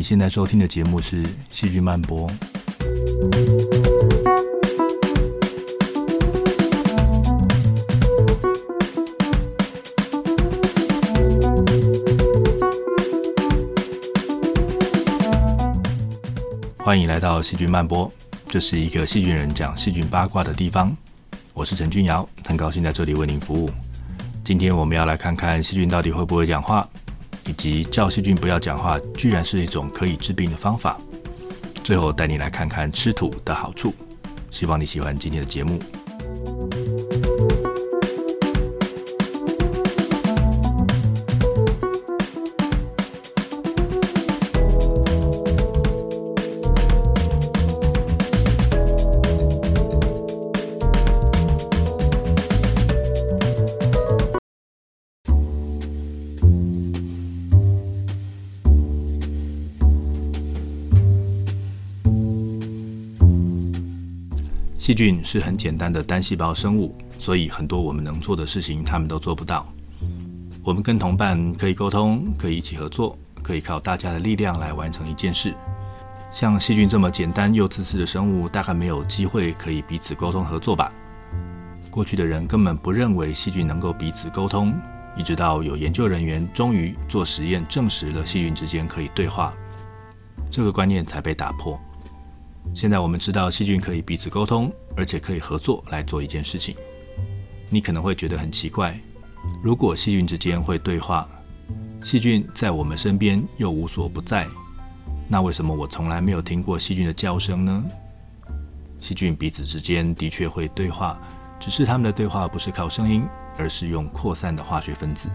你現在收聽的節目是《細菌曼波》，歡迎來到《細菌曼波》，這是一個細菌人講細菌八卦的地方。我是陳俊堯，很高興在這裡為您服務。今天我們要來看看細菌到底會不會講話。以及叫細菌不要講話，居然是一種可以治病的方法。最後帶你來看看吃土的好處，希望你喜歡今天的節目。細菌是很簡單的單細胞生物，所以很多我們能做的事情，他們都做不到。我們跟同伴可以溝通，可以一起合作，可以靠大家的力量來完成一件事。像細菌這麼簡單又自私的生物，大概沒有機會可以彼此溝通合作吧？過去的人根本不認為細菌能夠彼此溝通，一直到有研究人員終於做實驗證實了細菌之間可以對話，這個觀念才被打破。現在我們知道細菌可以彼此溝通，而且可以合作來做一件事情。你可能會覺得很奇怪，如果細菌之間會對話，細菌在我們身邊又無所不在，那為什麼我從來沒有聽過細菌的叫聲呢？細菌彼此之間的確會對話，只是他們的對話不是靠聲音，而是用擴散的化學分子。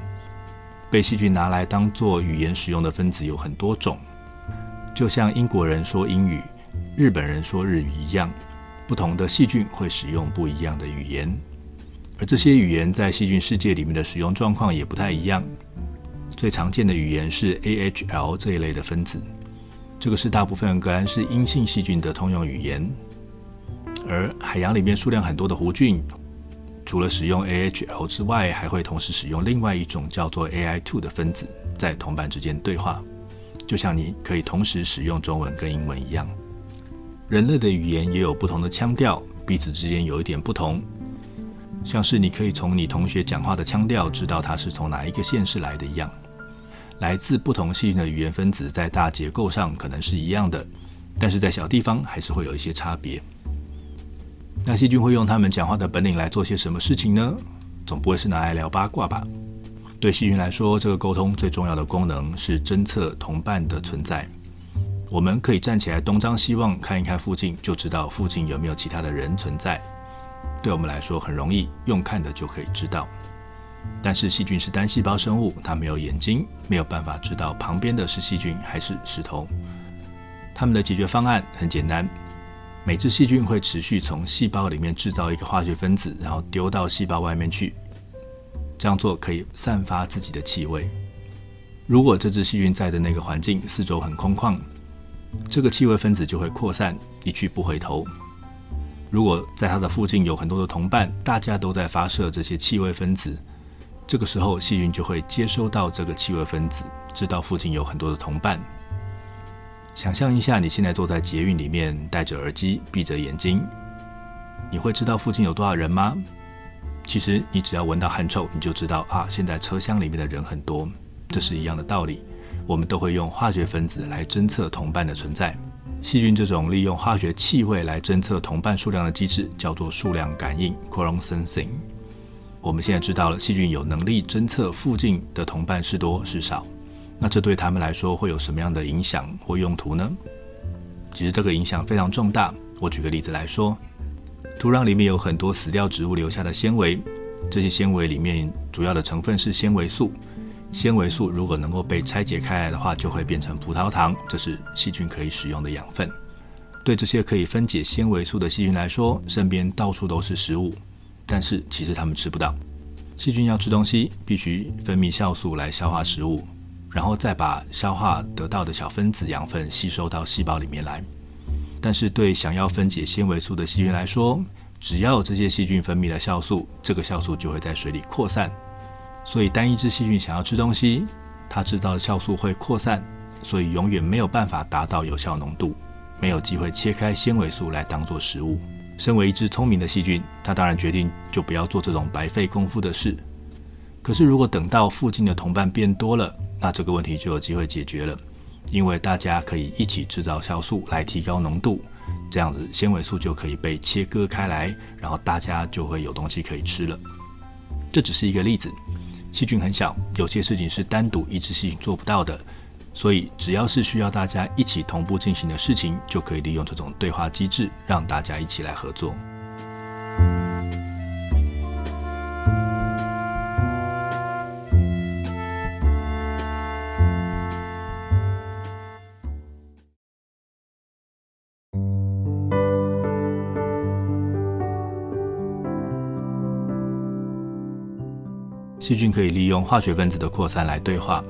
被細菌拿來當作語言使用的分子有很多種，就像英國人說英語。日本人說日語一樣，不同的細菌會使用不一樣的語言，而這些語言在細菌世界裡面的使用狀況也不太一樣。最常見的語言是 AHL 這一類的分子，這個是大部分革蘭氏陰性細菌的通用語言。而海洋裡面數量很多的弧菌，除了使用 AHL 之外，還會同時使用另外一種叫做 AI2 的分子，在同伴之間對話，就像你可以同時使用中文跟英文一樣。人類的語言也有不同的腔調，彼此之間有一點不同。像是你可以從你同學講話的腔調，知道他是從哪一個縣市來的一樣。來自不同細菌的語言分子，在大結構上可能是一樣的，但是在小地方還是會有一些差別。那細菌會用他們講話的本領來做些什麼事情呢？總不會是拿來聊八卦吧？對細菌來說，這個溝通最重要的功能是偵測同伴的存在。我們可以站起來東張西望看一看附近，就知道附近有沒有其他的人存在。對我們來說很容易，用看的就可以知道。但是細菌是單細胞生物，它沒有眼睛，沒有辦法知道旁邊的是細菌還是石頭。他們的解決方案很簡單，每只細菌會持續從細胞裡面制造一個化學分子，然後丟到細胞外面去。這樣做可以散發自己的氣味。如果這只細菌在的那個環境四周很空曠，這個氣味分子就會擴散，一去不回頭。如果在它的附近有很多的同伴，大家都在發射這些氣味分子，這個時候細菌就會接收到這個氣味分子，知道附近有很多的同伴。想象一下，你現在坐在捷運裡面，戴着耳機，閉着眼睛，你會知道附近有多少人嗎？其實你只要聞到汗臭，你就知道啊，現在車廂裡面的人很多，這是一樣的道理。我們都會用化學分子來偵測同伴的存在。細菌這種利用化學氣味來偵測同伴數量的機制，叫做數量感應 （quorum sensing）。我們現在知道了細菌有能力偵測附近的同伴是多是少，那這對他們來說會有什麼樣的影響或用途呢？其實這個影響非常重大。我舉個例子來說，土壤裡面有很多死掉植物留下的纖維，這些纖維裡面主要的成分是纖維素。纖維素如果能夠被拆解開來的話，就會變成葡萄糖，這是細菌可以使用的養分。對這些可以分解纖維素的細菌來說，身邊到處都是食物，但是其實它們吃不到。細菌要吃東西，必須分泌酵素來消化食物，然後再把消化得到的小分子養分吸收到細胞裡面來。但是對想要分解纖維素的細菌來說，只要有這些細菌分泌的酵素，這個酵素就會在水裡擴散。所以，單一隻細菌想要吃東西，它制造的酵素會擴散，所以永遠沒有辦法達到有效濃度，沒有機會切開纖維素來當作食物。身為一隻聰明的細菌，它當然決定就不要做這種白費功夫的事。可是，如果等到附近的同伴變多了，那這個問題就有機會解決了，因為大家可以一起制造酵素來提高濃度，這樣子纖維素就可以被切割開來，然後大家就會有東西可以吃了。這只是一個例子。細菌很小，有些事情是單獨一隻細菌做不到的，所以只要是需要大家一起同步進行的事情，就可以利用這種對話機制，讓大家一起來合作。細菌可以利用化學分子的擴散來對話，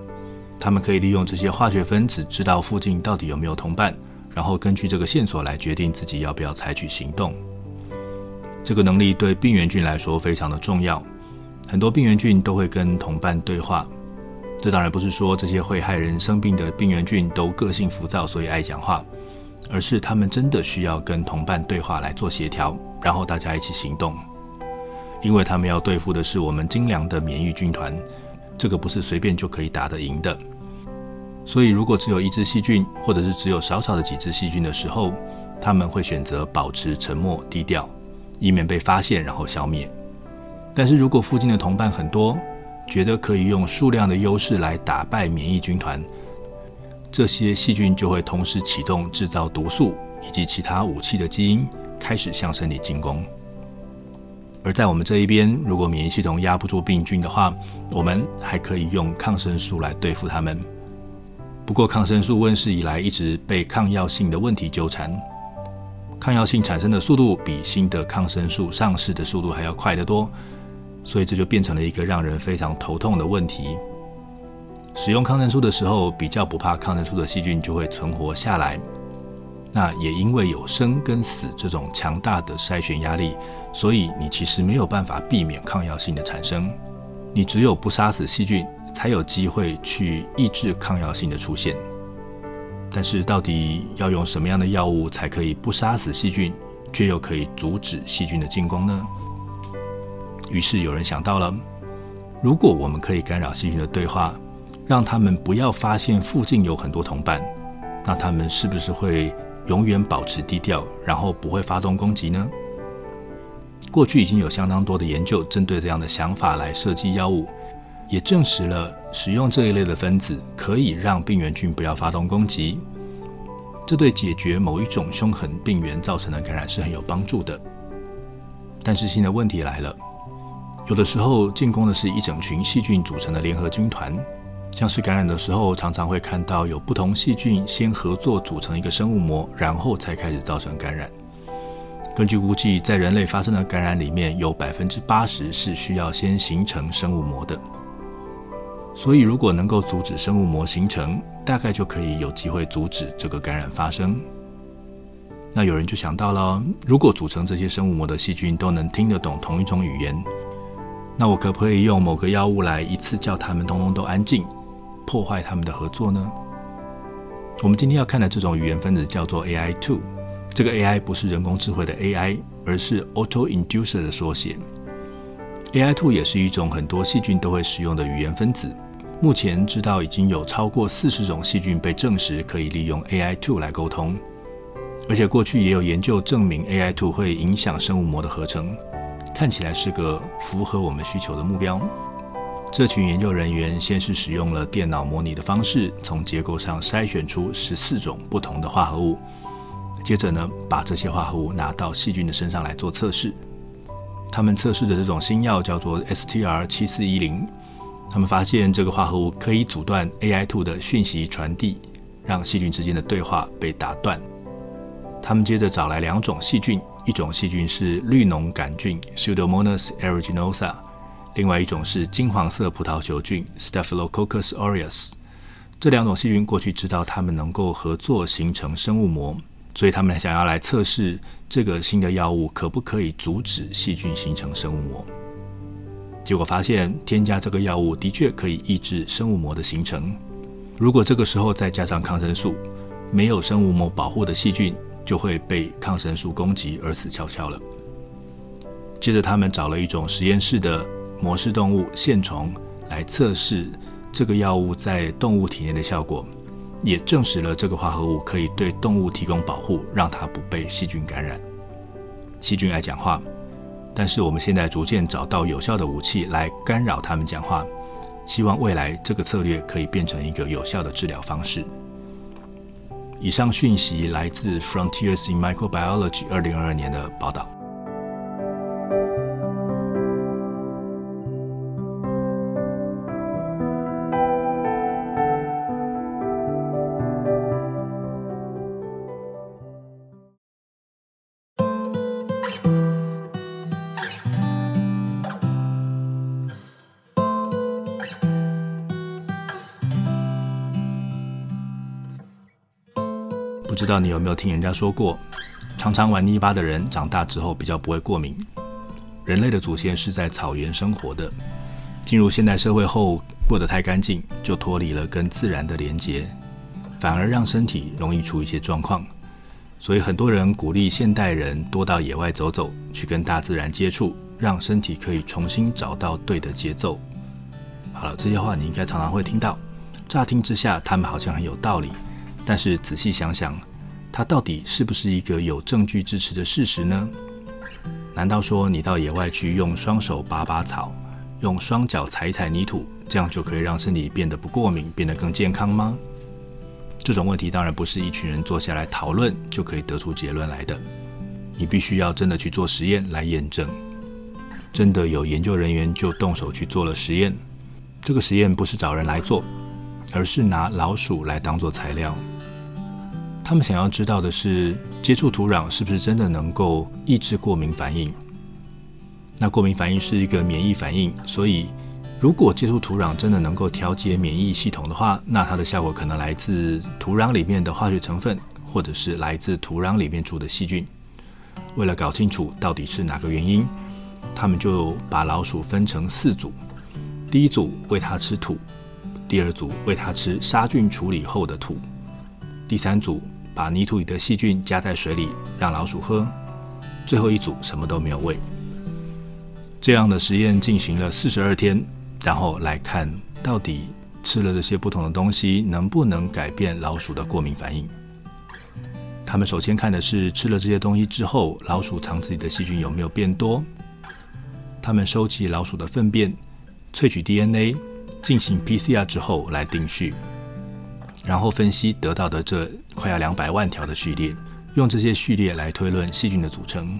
它們可以利用這些化學分子知道附近到底有沒有同伴，然後根據這個線索來決定自己要不要採取行動。這個能力對病原菌來說非常的重要，很多病原菌都會跟同伴對話。這當然不是說這些會害人生病的病原菌都個性浮躁，所以愛講話，而是它們真的需要跟同伴對話來做協調，然後大家一起行動。因為他們要對付的是我們精良的免疫軍團，這個不是隨便就可以打得贏的。所以，如果只有一隻細菌，或者是只有少少的幾隻細菌的時候，他們會選擇保持沉默低調，以免被發現然後消滅。但是如果附近的同伴很多，覺得可以用數量的優勢來打敗免疫軍團，這些細菌就會同時啟動制造毒素以及其他武器的基因，開始向身體進攻。而在我們這一邊，如果免疫系統壓不住病菌的話，我們還可以用抗生素來對付它們。不過，抗生素問世以來，一直被抗藥性的問題糾纏。抗藥性產生的速度比新的抗生素上市的速度還要快得多，所以這就變成了一個讓人非常頭痛的問題。使用抗生素的時候，比較不怕抗生素的細菌就會存活下來。那也因為有生跟死這種強大的篩選壓力，所以你其實沒有辦法避免抗藥性的產生。你只有不殺死細菌，才有機會去抑制抗藥性的出現。但是到底要用什麼樣的藥物才可以不殺死細菌，卻又可以阻止細菌的進攻呢？於是有人想到了，如果我們可以干擾細菌的對話，讓他們不要發現附近有很多同伴，那他們是不是會？永遠保持低調，然後不會發動攻擊呢？過去已經有相當多的研究針對這樣的想法來設計藥物，也證實了使用這一類的分子可以讓病原菌不要發動攻擊。這對解決某一種凶狠病原造成的感染是很有幫助的。但是新的問題來了，有的時候進攻的是一整群細菌組成的聯合軍團。像是感染的時候，常常會看到有不同細菌先合作組成一個生物膜，然後才開始造成感染。根據估計，在人類發生的感染裡面，有百分之八十是需要先形成生物膜的。所以，如果能夠阻止生物膜形成，大概就可以有機會阻止這個感染發生。那有人就想到了，如果組成這些生物膜的細菌都能聽得懂同一種語言，那我可不可以用某個藥物來一次叫它們通通都安靜？破壞他們的合作呢？我們今天要看的這種語言分子叫做 AI2，這個 AI 不是人工智慧的 AI，而是 auto-inducer 的縮寫。AI2 也是一種很多細菌都會使用的語言分子。目前知道已經有超過四十種細菌被證實可以利用 AI2 來溝通，而且過去也有研究證明 AI2 會影響生物膜的合成，看起來是個符合我們需求的目標。這群研究人員先是使用了電腦模擬的方式，從結構上篩選出十四種不同的化合物。接着呢，把這些化合物拿到細菌的身上來做測試。他們測試的這種新藥叫做 STR 七四一零。他們發現這個化合物可以阻斷 AI two 的訊息傳遞，讓細菌之間的對話被打斷。他們接着找來兩種細菌，一種細菌是綠膿桿菌 （Pseudomonas aeruginosa）。另外一種是金黃色葡萄球菌 （Staphylococcus aureus）。這兩種細菌過去知道它們能夠合作形成生物膜，所以他們想要來測試這個新的藥物可不可以阻止細菌形成生物膜。結果發現，添加這個藥物的確可以抑制生物膜的形成。如果這個時候再加上抗生素，沒有生物膜保護的細菌就會被抗生素攻擊而死翹翹了。接着，他們找了一種實驗室的模式動物線蟲來測試這個藥物在動物體內的效果，也證實了這個化合物，可以對動物提供保護，讓它不被細菌感染。細菌愛講話，但是我們現在逐漸找到有效的武器來干擾它們講話，希望未來這個策略可以變成一個有效的治療方式。以上訊息來自《Frontiers in Microbiology》二零二二年的報道。不知道你有沒有聽人家說過，常常玩泥巴的人長大之後比較不會過敏。人類的祖先是在草原生活的，進入現代社會後過得太乾淨，就脫離了跟自然的連接，反而讓身體容易出一些狀況。所以很多人鼓勵現代人多到野外走走，去跟大自然接觸，讓身體可以重新找到對的節奏。好了，這些話你應該常常會聽到，乍聽之下，他們好像很有道理。但是仔細想想，它到底是不是一個有證據支持的事實呢？難道說你到野外去用雙手拔拔草，用雙腳踩一踩泥土，這樣就可以讓身體變得不過敏，變得更健康嗎？這種問題當然不是一群人坐下來討論就可以得出結論來的，你必須要真的去做實驗來驗證。真的有研究人員就動手去做了實驗，這個實驗不是找人來做，而是拿老鼠來當做材料。他們想要知道的是，接觸土壤是不是真的能夠抑制過敏反應？那過敏反應是一個免疫反應，所以如果接觸土壤真的能夠調節免疫系統的話，那它的效果可能來自土壤裡面的化學成分，或者是來自土壤裡面住的細菌。為了搞清楚到底是哪個原因，他們就把老鼠分成四組：第一組餵它吃土，第二組餵它吃殺菌處理後的土，第三組，把泥土裡的細菌加在水裡，讓老鼠喝。最後一組什麼都沒有餵。這樣的實驗進行了四十二天，然後來看到底吃了這些不同的東西能不能改變老鼠的過敏反應。他們首先看的是吃了這些東西之後，老鼠腸子裡的細菌有沒有變多。他們收集老鼠的糞便，萃取 DNA，進行 PCR 之後來定序。然後分析得到的這快要兩百萬條的序列，用這些序列來推論細菌的組成。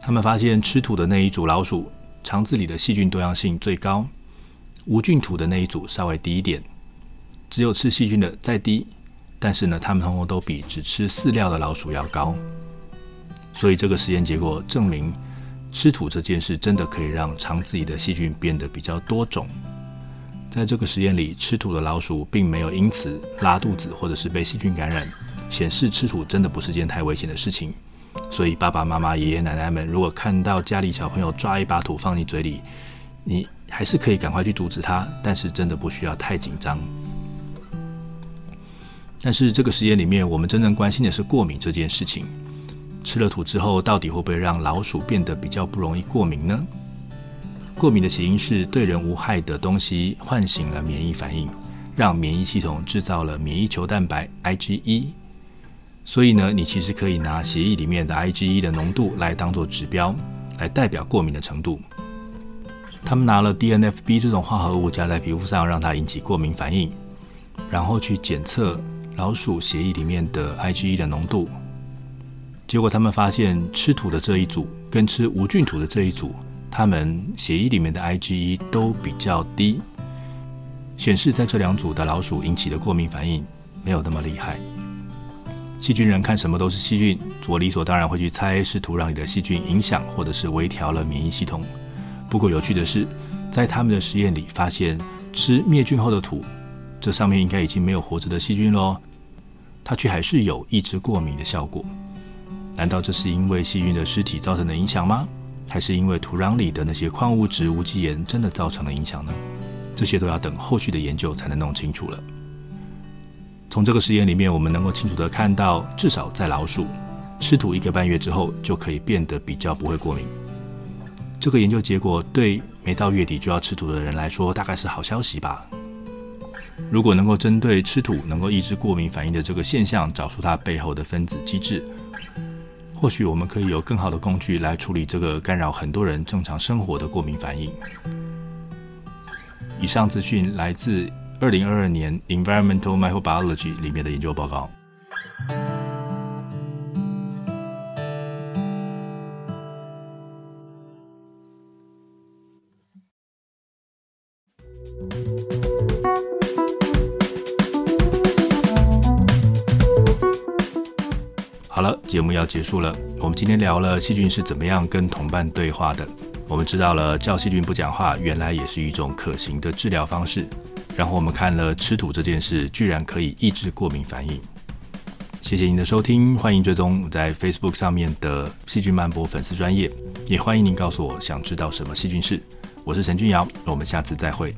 他們發現吃土的那一組老鼠腸子裡的細菌多樣性最高，無菌土的那一組稍微低一點，只有吃細菌的再低。但是呢，他們通通都比只吃飼料的老鼠要高。所以這個實驗結果證明，吃土這件事真的可以讓腸子裡的細菌變得比較多種。在這個實驗裡，吃土的老鼠並沒有因此拉肚子或者是被細菌感染，顯示吃土真的不是件太危險的事情。所以爸爸媽媽、爺爺奶奶們，如果看到家裡小朋友抓一把土放你嘴裡，你還是可以趕快去阻止他，但是真的不需要太緊張。但是這個實驗裡面，我們真正關心的是過敏這件事情。吃了土之後，到底會不會讓老鼠變得比較不容易過敏呢？過敏的起因是對人無害的東西喚醒了免疫反應，讓免疫系統制造了免疫球蛋白 IgE。所以呢，你其實可以拿血液裡面的 IgE 的濃度來當做指標，來代表過敏的程度。他們拿了 DNFB 這種化合物加在皮膚上，讓它引起過敏反應，然後去檢測老鼠血液裡面的 IgE 的濃度。結果他們發現，吃土的這一組跟吃無菌土的這一組，他們血液裡面的 IgE 都比較低，顯示在這兩組的老鼠引起的過敏反應沒有那麼厲害。細菌人看什麼都是細菌，我理所當然會去猜是土壤裡的細菌影響或者是微調了免疫系統。不過有趣的是，在他們的實驗裡發現吃滅菌後的土，這上面應該已經沒有活着的細菌咯，它卻還是有抑制過敏的效果。難道這是因為細菌的屍體造成的影響嗎？還是因為土壤裡的那些礦物質無機鹽真的造成了影響呢？這些都要等後續的研究才能弄清楚了。從這個實驗裡面，我們能夠清楚地看到，至少在老鼠吃土一個半月之後，就可以變得比較不會過敏。這個研究結果對沒到月底就要吃土的人來說，大概是好消息吧。如果能夠針對吃土能夠抑制過敏反應的這個現象，找出它背後的分子機制。或許我們可以有更好的工具來處理這個干擾很多人正常生活的過敏反應。以上資訊來自二零二二年《Environmental Microbiology》裡面的研究報告。節目要結束了，我們今天聊了細菌是怎麼樣跟同伴對話的。我們知道了叫細菌不講話，原來也是一種可行的治療方式。然後我們看了吃土這件事，居然可以抑制過敏反應。謝謝您的收聽，歡迎追蹤在 Facebook 上面的細菌曼波粉絲專頁，也歡迎您告訴我想知道什麼細菌事。我是陳俊堯，我們下次再會。